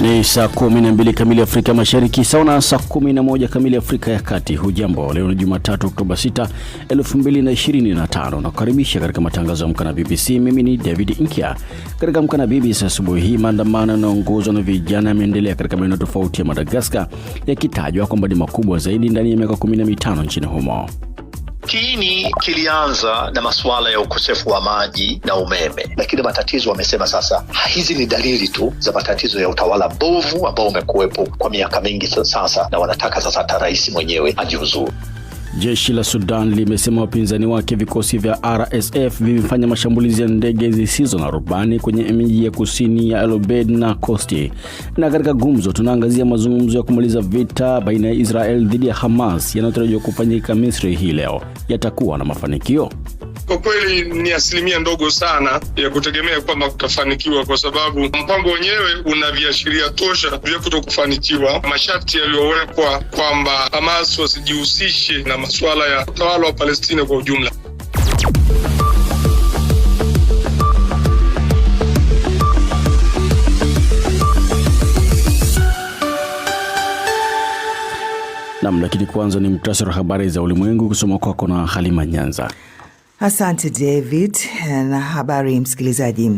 Ni saa kumi na mbili kamili Afrika Mashariki, sawa na saa kumi na moja kamili Afrika ya Kati. Hujambo, leo ni Jumatatu Oktoba 6, 2025 na kukaribisha katika matangazo ya mkana na BBC. Mimi ni David Inkia. Katika mkana na BBC asubuhi hii, maandamano yanaongozwa na vijana yameendelea katika maeneo tofauti ya Madagaskar, yakitajwa kwamba ni makubwa zaidi ndani ya miaka 15 nchini humo. Kiini kilianza na masuala ya ukosefu wa maji na umeme, lakini matatizo wamesema sasa hizi ni dalili tu za matatizo ya utawala mbovu ambao umekuwepo kwa miaka mingi sasa, na wanataka sasa hata rais mwenyewe ajiuzuru. Jeshi la Sudan limesema wapinzani wake vikosi vya RSF vimefanya mashambulizi ya ndege zisizo na rubani kwenye miji ya kusini ya El Obeid na Kosti. Na katika gumzo, tunaangazia mazungumzo ya kumaliza vita baina ya Israel dhidi ya Hamas yanayotarajiwa kufanyika Misri hii leo, yatakuwa na mafanikio? Kwa kweli ni asilimia ndogo sana ya kutegemea kwamba kutafanikiwa, kwa sababu mpango wenyewe una viashiria tosha vya kutokufanikiwa. Masharti yaliyowekwa kwamba Hamas wasijihusishe na masuala ya utawala wa Palestina kwa ujumla. Nam, lakini kwanza ni muhtasari wa habari za ulimwengu kusoma kwako na Halima Nyanza. Asante David na habari msikilizaji.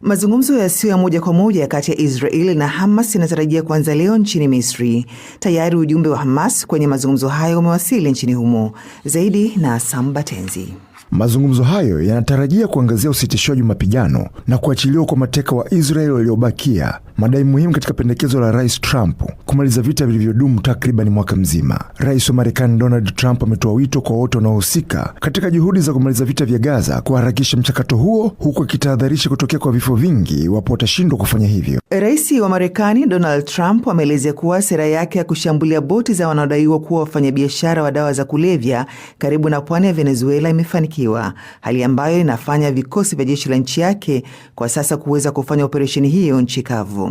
Mazungumzo yasiyo ya moja kwa moja kati ya Israeli na Hamas yanatarajia kuanza leo nchini Misri. Tayari ujumbe wa Hamas kwenye mazungumzo hayo umewasili nchini humo. Zaidi na Sambatenzi. Mazungumzo hayo yanatarajia kuangazia usitishwaji mapigano na kuachiliwa kwa mateka wa Israeli waliobakia madai muhimu katika pendekezo la Rais Trump kumaliza vita vilivyodumu takriban mwaka mzima. Rais wa Marekani Donald Trump ametoa wito kwa wote wanaohusika katika juhudi za kumaliza vita vya Gaza kuharakisha mchakato huo, huku akitahadharisha kutokea kwa vifo vingi iwapo watashindwa kufanya hivyo. Rais wa Marekani Donald Trump ameelezea kuwa sera yake ya kushambulia boti za wanaodaiwa kuwa wafanyabiashara wa dawa za kulevya karibu na pwani ya Venezuela imefanikiwa, hali ambayo inafanya vikosi vya jeshi la nchi yake kwa sasa kuweza kufanya operesheni hiyo nchi kavu.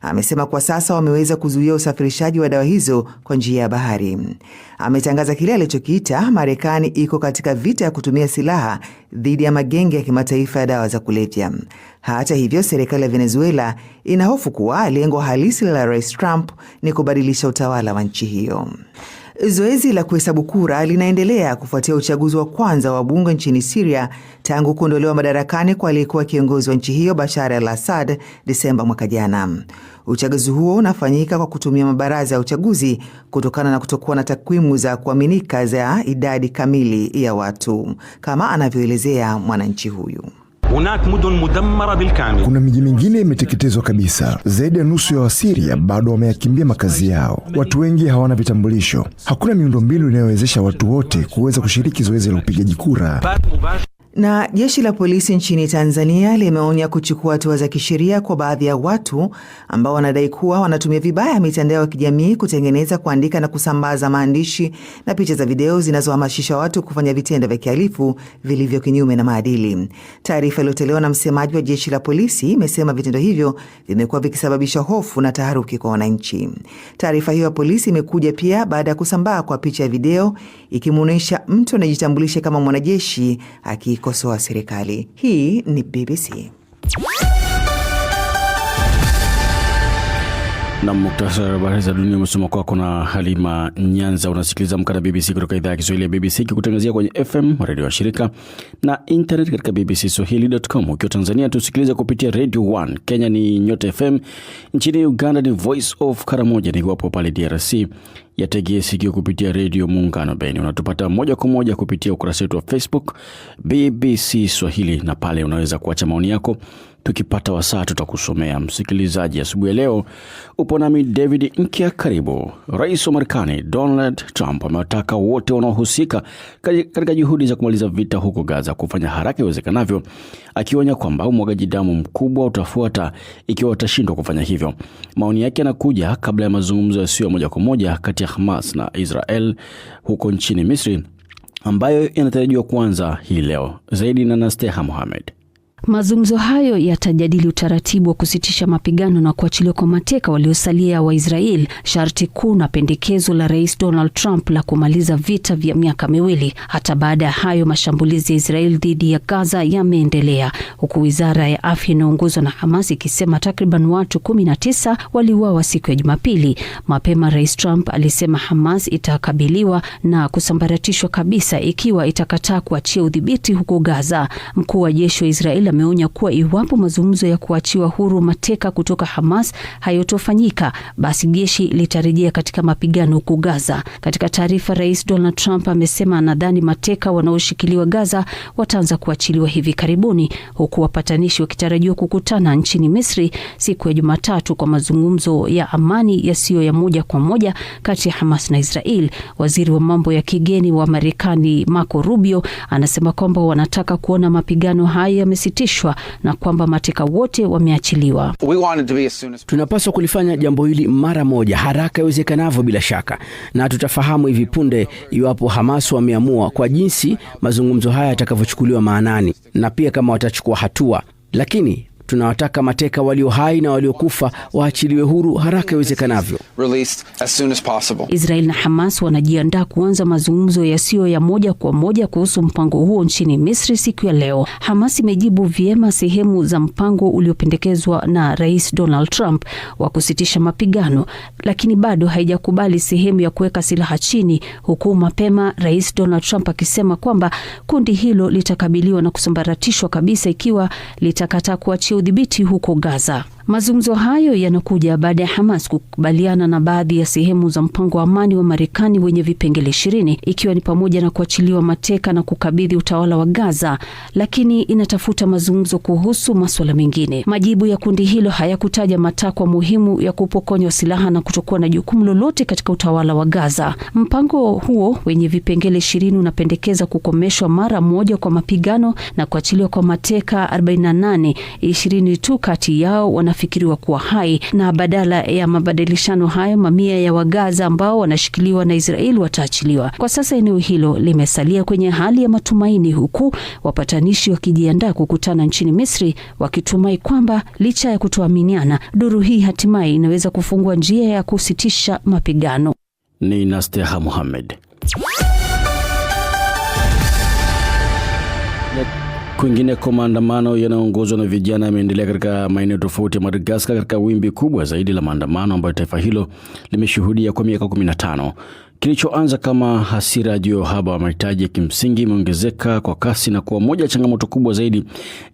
Amesema kwa sasa wameweza kuzuia usafirishaji wa dawa hizo kwa njia ya bahari. Ametangaza kile alichokiita Marekani iko katika vita ya kutumia silaha dhidi ya magenge ya kimataifa ya dawa za kulevya. Hata hivyo, serikali ya Venezuela ina hofu kuwa lengo halisi la Rais Trump ni kubadilisha utawala wa nchi hiyo. Zoezi la kuhesabu kura linaendelea kufuatia uchaguzi wa kwanza wa bunge nchini siria tangu kuondolewa madarakani kwa aliyekuwa kiongozi wa nchi hiyo Bashar al-Assad Desemba mwaka jana. Uchaguzi huo unafanyika kwa kutumia mabaraza ya uchaguzi kutokana na kutokuwa na takwimu za kuaminika za idadi kamili ya watu, kama anavyoelezea mwananchi huyu. Kuna miji mingine imeteketezwa kabisa. Zaidi ya nusu ya Wasiria bado wameyakimbia makazi yao. Watu wengi hawana vitambulisho. Hakuna miundombinu inayowezesha watu wote kuweza kushiriki zoezi la upigaji kura. Na jeshi la polisi nchini Tanzania limeonya kuchukua hatua za kisheria kwa baadhi ya watu ambao wanadai kuwa wanatumia vibaya mitandao ya kijamii kutengeneza, kuandika na kusambaza maandishi na picha za video zinazohamasisha watu kufanya vitendo vya kihalifu vilivyo kinyume na maadili. Taarifa iliyotolewa na msemaji wa jeshi la polisi imesema vitendo hivyo vimekuwa vikisababisha hofu na taharuki kwa wananchi. Taarifa hiyo ya polisi imekuja pia baada ya kusambaa kwa picha ya video ikimuonyesha mtu anajitambulisha kama mwanajeshi akiko kuikosoa serikali. Hii ni BBC. Na muktasari wa habari za dunia umesoma kwako na Halima Nyanza. Unasikiliza mkanda BBC kutoka idhaa ya Kiswahili ya BBC kikutangazia kwenye FM redio ya shirika na internet katika Swahili.com. Ukiwa Tanzania tusikilize kupitia Radio 1, Kenya ni Nyota FM, nchini Uganda ni Voice of Karamoja, nikiwapo pale DRC yategee sikio kupitia redio Muungano Beni. Unatupata moja kwa moja kupitia ukurasa wetu wa Facebook BBC Swahili, na pale unaweza kuacha maoni yako tukipata wasaa tutakusomea. Msikilizaji, asubuhi ya leo upo nami David Nkia. Karibu. Rais wa Marekani Donald Trump amewataka wote wanaohusika katika juhudi za kumaliza vita huko Gaza kufanya haraka iwezekanavyo, akionya kwamba umwagaji damu mkubwa utafuata ikiwa watashindwa kufanya hivyo. Maoni yake yanakuja kabla ya mazungumzo yasio ya moja kwa moja kati ya Hamas na Israel huko nchini Misri ambayo yanatarajiwa kuanza hii leo. Zaidi na Nasteha muhamed Mazungumzo hayo yatajadili utaratibu wa kusitisha mapigano na kuachiliwa kwa mateka waliosalia wa Israel, sharti kuu na pendekezo la Rais Donald Trump la kumaliza vita vya miaka miwili. Hata baada ya hayo, mashambulizi ya Israel dhidi ya Gaza yameendelea, huku wizara ya afya inayoongozwa na Hamas ikisema takriban watu 19 waliuawa siku ya Jumapili. Mapema Rais Trump alisema Hamas itakabiliwa na kusambaratishwa kabisa ikiwa itakataa kuachia udhibiti huko Gaza. Mkuu wa jeshi wa Israel wameonya kuwa iwapo mazungumzo ya kuachiwa huru mateka kutoka Hamas hayotofanyika, basi jeshi litarejea katika mapigano huko Gaza. Katika taarifa, Rais Donald Trump amesema anadhani mateka wanaoshikiliwa Gaza wataanza kuachiliwa hivi karibuni, huku wapatanishi wakitarajiwa kukutana nchini Misri siku ya Jumatatu kwa mazungumzo ya amani yasiyo ya moja kwa moja kati ya Hamas na Israel. Waziri wa mambo ya kigeni wa Marekani Marco Rubio anasema kwamba wanataka kuona mapigano haya yamesitishwa kuachishwa na kwamba mateka wote wameachiliwa. as as... tunapaswa kulifanya jambo hili mara moja haraka iwezekanavyo, bila shaka, na tutafahamu hivi punde iwapo Hamas wameamua kwa jinsi mazungumzo haya yatakavyochukuliwa maanani na pia kama watachukua hatua, lakini Tunawataka mateka walio hai na waliokufa waachiliwe huru haraka iwezekanavyo. Israel na Hamas wanajiandaa kuanza mazungumzo yasiyo ya moja kwa moja kuhusu mpango huo nchini Misri siku ya leo. Hamas imejibu vyema sehemu za mpango uliopendekezwa na Rais Donald Trump wa kusitisha mapigano, lakini bado haijakubali sehemu ya kuweka silaha chini, huku mapema Rais Donald Trump akisema kwamba kundi hilo litakabiliwa na kusambaratishwa kabisa ikiwa litakataa kuachiwa udhibiti huko Gaza. Mazungumzo hayo yanakuja baada ya Hamas kukubaliana na baadhi ya sehemu za mpango wa amani wa Marekani wenye vipengele ishirini ikiwa ni pamoja na kuachiliwa mateka na kukabidhi utawala wa Gaza, lakini inatafuta mazungumzo kuhusu masuala mengine. Majibu ya kundi hilo hayakutaja matakwa muhimu ya kupokonywa silaha na kutokuwa na jukumu lolote katika utawala wa Gaza. Mpango huo wenye vipengele ishirini unapendekeza kukomeshwa mara moja kwa mapigano na kuachiliwa kwa mateka 48, 20 tu kati yao wana wanafikiriwa kuwa hai, na badala ya mabadilishano hayo, mamia ya Wagaza ambao wanashikiliwa na Israeli wataachiliwa. Kwa sasa eneo hilo limesalia kwenye hali ya matumaini, huku wapatanishi wakijiandaa kukutana nchini Misri wakitumai kwamba licha ya kutoaminiana, duru hii hatimaye inaweza kufungua njia ya kusitisha mapigano. Ni Nasteha Muhammad. Kwingineko, maandamano yanayoongozwa na vijana yameendelea katika maeneo tofauti ya Madagaskar katika wimbi kubwa zaidi la maandamano ambayo taifa hilo limeshuhudia kwa miaka 15. Kilichoanza kama hasira juu ya uhaba wa mahitaji ya kimsingi imeongezeka kwa kasi na kuwa moja ya changamoto kubwa zaidi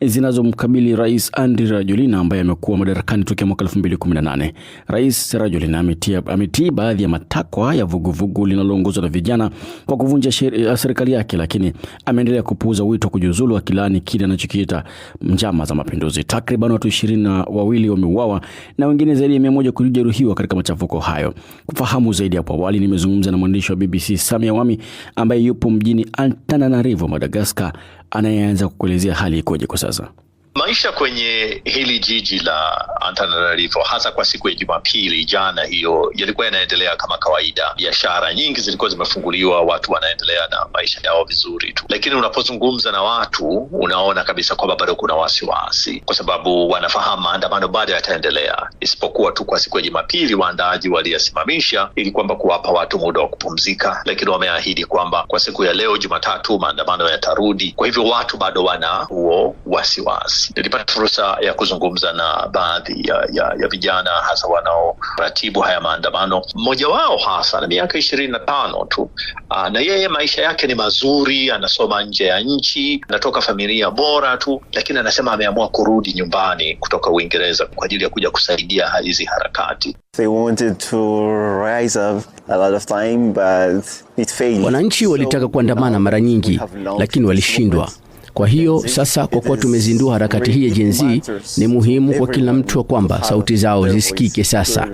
zinazomkabili Rais Andry Rajoelina ambaye amekuwa madarakani tokea mwaka 2018. Rais Rajoelina ametii baadhi ya matakwa ya vuguvugu linaloongozwa na vijana kwa kuvunja eh, serikali yake, lakini ameendelea kupuuza wito wa kujiuzulu, akilaani kile anachokiita njama za mapinduzi. Takriban watu ishirini na wawili wameuawa na wengine zaidi ya mia moja kujeruhiwa katika machafuko hayo. Kufahamu zaidi, hapo awali nimezungumza na mwandishi wa BBC samia wami ambaye yupo mjini Antananarivo, Madagaskar, anayeanza kukuelezea hali ikoje kwa sasa. Maisha kwenye hili jiji la Antananarivo, hasa kwa siku ya Jumapili jana hiyo, yalikuwa yanaendelea kama kawaida. Biashara nyingi zilikuwa zimefunguliwa, watu wanaendelea na maisha yao vizuri tu, lakini unapozungumza na watu unaona kabisa kwamba bado kuna wasiwasi, kwa sababu wanafahamu maandamano bado yataendelea, isipokuwa tu kwa siku ya Jumapili waandaaji waliyasimamisha ili kwamba kuwapa watu muda wa kupumzika, lakini wameahidi kwamba kwa siku ya leo Jumatatu maandamano yatarudi. Kwa hivyo watu bado wana huo wasiwasi nilipata fursa ya kuzungumza na baadhi ya, ya, ya vijana hasa wanaoratibu haya maandamano. Mmoja wao hasa na miaka ishirini na tano tu aa, ah, na yeye maisha yake ni mazuri, anasoma nje ya nchi, anatoka familia bora tu, lakini anasema ameamua kurudi nyumbani kutoka Uingereza kwa ajili ya kuja kusaidia hizi harakati. They wanted to rise up a lot of time, but it failed. Wananchi walitaka kuandamana mara nyingi, lakini walishindwa kwa hiyo sasa, kwa kuwa tumezindua harakati hii ya jenzi, ni muhimu kwa kila mtu kwamba sauti zao zisikike sasa,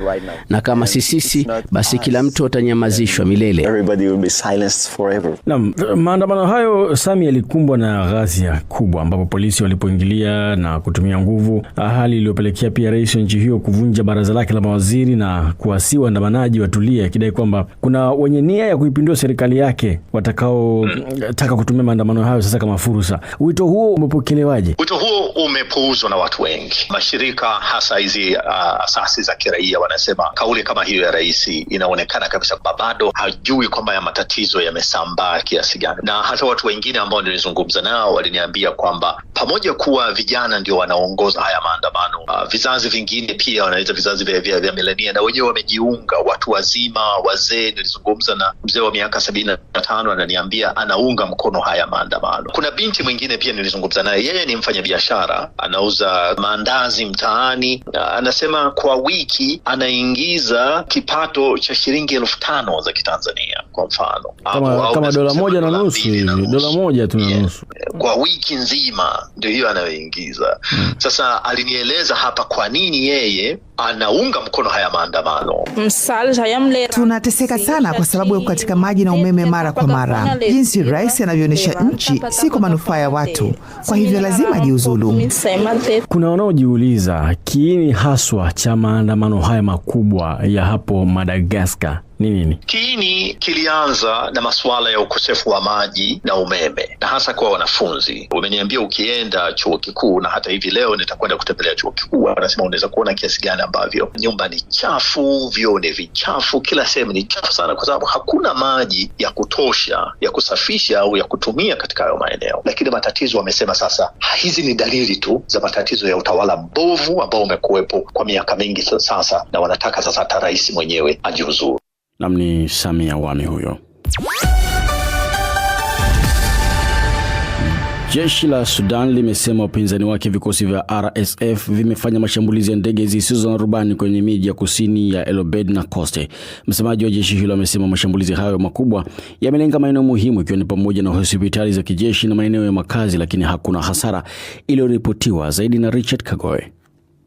na kama si sisi, basi kila mtu atanyamazishwa milele. Naam, maandamano hayo Sami, yalikumbwa na ghasia kubwa, ambapo polisi walipoingilia na kutumia nguvu, ah, hali iliyopelekea pia rais wa nchi hiyo kuvunja baraza lake la mawaziri na kuwasihi waandamanaji watulie, akidai kwamba kuna wenye nia ya kuipindua serikali yake watakaotaka kutumia maandamano hayo sasa kama fursa. Wito huo umepokelewaje? Wito huo umepuuzwa na watu wengi, mashirika hasa hizi uh, asasi za kiraia wanasema kauli kama hiyo ya rais inaonekana kabisa bado hajui kwamba ya matatizo yamesambaa kiasi gani, na hata watu wengine ambao nilizungumza nao waliniambia kwamba pamoja kuwa vijana ndio wanaongoza haya maandamano, uh, vizazi vingine pia wanaita vizazi vya, vya, vya milenia na wenyewe wamejiunga, watu wazima, wazee. Nilizungumza na mzee wa miaka sabini na tano ananiambia anaunga mkono haya maandamano. Kuna binti mwingine mwingine pia nilizungumza naye, yeye ni mfanyabiashara, anauza maandazi mtaani. Anasema kwa wiki anaingiza kipato cha shilingi elfu tano za Kitanzania kwa mfano, kama, dola moja na nusu, dola moja tu na nusu kwa wiki nzima, ndio hiyo anayoingiza. Hmm. Sasa alinieleza hapa kwa nini yeye anaunga mkono haya maandamano. Tunateseka sana kwa sababu ya kukatika maji na umeme mara kwa mara, jinsi rais anavyoonyesha nchi si kwa manufaa ya watu, kwa hivyo lazima ajiuzulu. Kuna wanaojiuliza kiini haswa cha maandamano haya makubwa ya hapo Madagaskar ni nini? Kiini kilianza na masuala ya ukosefu wa maji na umeme, na hasa kwa wanafunzi. Umeniambia ukienda chuo kikuu, na hata hivi leo nitakwenda kutembelea chuo kikuu, wanasema unaweza kuona kiasi gani ambavyo nyumba ni chafu, vyoo ni vichafu, kila sehemu ni chafu sana, kwa sababu hakuna maji ya kutosha ya kusafisha au ya kutumia katika hayo maeneo. Lakini matatizo wamesema sasa, hizi ni dalili tu za matatizo ya utawala mbovu ambao umekuwepo kwa miaka mingi sasa, na wanataka sasa hata rais mwenyewe ajiuzuru nam ni Samia Wami huyo. Jeshi la Sudan limesema upinzani wake vikosi vya RSF vimefanya mashambulizi ya ndege zisizo na rubani kwenye miji ya kusini ya elobed na Koste. Msemaji wa jeshi hilo amesema mashambulizi hayo makubwa yamelenga maeneo muhimu ikiwa ni pamoja na hospitali za kijeshi na maeneo ya makazi, lakini hakuna hasara iliyoripotiwa. Zaidi na Richard Kagoe.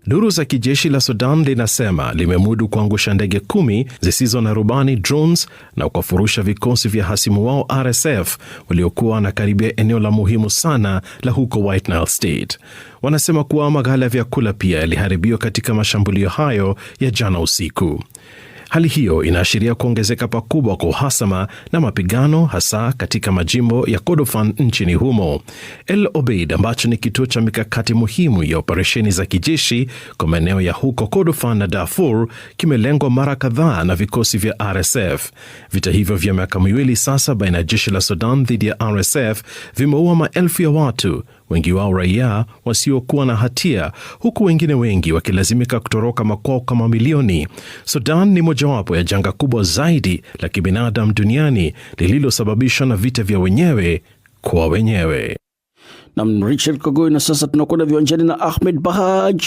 Duru za kijeshi la Sudan linasema limemudu kuangusha ndege kumi zisizo na rubani drones, na kuwafurusha vikosi vya hasimu wao RSF waliokuwa wanakaribia eneo la muhimu sana la huko White Nile State. Wanasema kuwa maghala ya vyakula pia yaliharibiwa katika mashambulio hayo ya jana usiku. Hali hiyo inaashiria kuongezeka pakubwa kwa uhasama na mapigano hasa katika majimbo ya Kordofan nchini humo. El Obeid ambacho ni kituo cha mikakati muhimu ya operesheni za kijeshi kwa maeneo ya huko Kordofan na Darfur kimelengwa mara kadhaa na vikosi vya RSF. Vita hivyo vya miaka miwili sasa baina ya jeshi la Sudan dhidi ya RSF vimeua maelfu ya watu wengi wao raia wasiokuwa na hatia, huku wengine wengi wakilazimika kutoroka makwao kwa mamilioni. Sudan ni mojawapo ya janga kubwa zaidi la kibinadamu duniani lililosababishwa na vita vya wenyewe kwa wenyewe. Nam Richard Kogoi. Na sasa tunakwenda viwanjani na Ahmed Bahaj.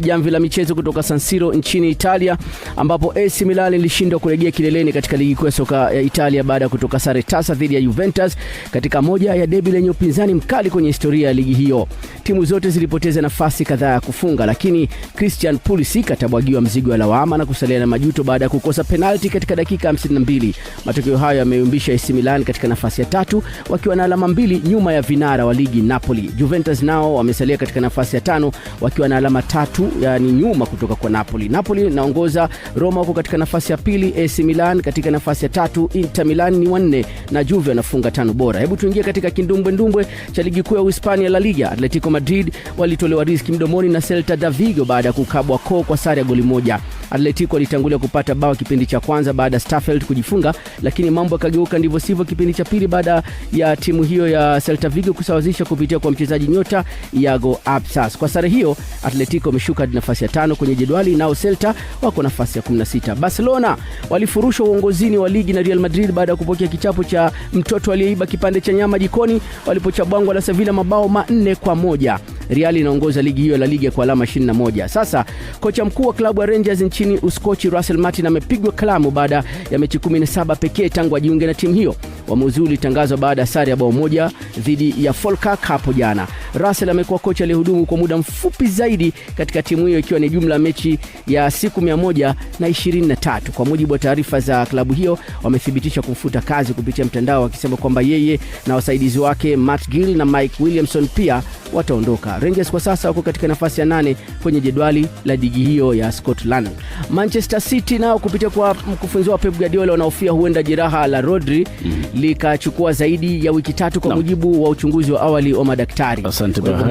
Jamvi la michezo kutoka San Siro nchini Italia, ambapo AC Milan ilishindwa kurejea kileleni katika ligi kuu ya soka ya Italia baada ya kutoka sare tasa dhidi ya Juventus katika moja ya debi lenye upinzani mkali kwenye historia ya ligi hiyo. Timu zote zilipoteza nafasi kadhaa ya kufunga, lakini Christian Pulisic atabwagiwa mzigo wa lawama na kusalia na majuto baada ya kukosa penalti katika dakika 52. Matokeo hayo yameumbisha AC Milan katika nafasi ya tatu wakiwa na alama mbili nyuma ya vinara wa ligi Napoli. Juventus nao wamesalia katika nafasi ya tano wakiwa na alama tatu tatu yani nyuma kutoka kwa Napoli. Napoli naongoza, Roma huko katika nafasi ya pili, AC Milan katika nafasi ya tatu, Inter Milan ni wanne na Juve wanafunga tano bora. Hebu tuingie katika kindumbwendumbwe cha ligi kuu ya Uhispania La Liga. Atletico Madrid walitolewa riski mdomoni na Celta da Vigo baada ya kukabwa koo kwa sare ya goli moja. Atletico alitangulia kupata bao kipindi cha kwanza baada ya Starfield kujifunga, lakini mambo yakageuka ndivyo sivyo kipindi cha pili baada ya timu hiyo ya Celta Vigo kusawazisha kupitia kwa mchezaji nyota Iago apsas Kwa sare hiyo, Atletico ameshuka nafasi ya tano kwenye jedwali, nao Celta wako nafasi ya 16. Barcelona walifurushwa uongozini wa ligi na Real Madrid baada ya kupokea kichapo cha mtoto aliyeiba kipande cha nyama jikoni walipochabwangwa na Sevilla mabao manne kwa moja. Real inaongoza ligi hiyo la ligi kwa alama 21. Sasa kocha mkuu wa klabu ya Rangers nchini Uskochi Russell Martin amepigwa kalamu baada ya mechi 17 pekee tangu ajiunge na timu hiyo. Uamuzi huu ulitangazwa baada ya sare ya bao moja dhidi ya Falkirk hapo jana. Russell amekuwa kocha aliyehudumu kwa muda mfupi zaidi katika timu hiyo ikiwa ni jumla mechi ya siku 123. Kwa mujibu wa taarifa za klabu hiyo, wamethibitisha kumfuta kazi kupitia mtandao wakisema kwamba yeye na wasaidizi wake Matt Gill na Mike Williamson pia wataondoka. Rangers kwa sasa wako katika nafasi ya nane kwenye jedwali la ligi hiyo ya Scotland. Manchester City nao kupitia kwa mkufunzi wa Pep Guardiola wanaofia huenda jeraha la Rodri mm. likachukua zaidi ya wiki tatu kwa no. mujibu wa uchunguzi wa awali wa madaktari.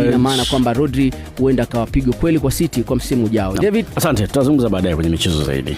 Ina maana kwamba Rodri huenda akawapigwa kweli kwa City kwa msimu ujao. No. David, asante, tutazungumza baadaye kwenye michezo zaidi.